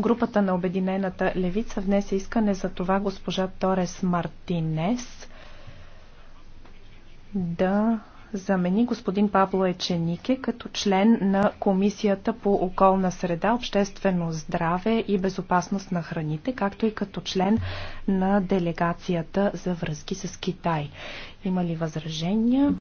Групата на Обединената левица внесе искане за това госпожа Торес Мартинес да замени господин Пабло Еченике като член на Комисията по околна среда, обществено здраве и безопасност на храните, както и като член на делегацията за връзки с Китай. Има ли възражения?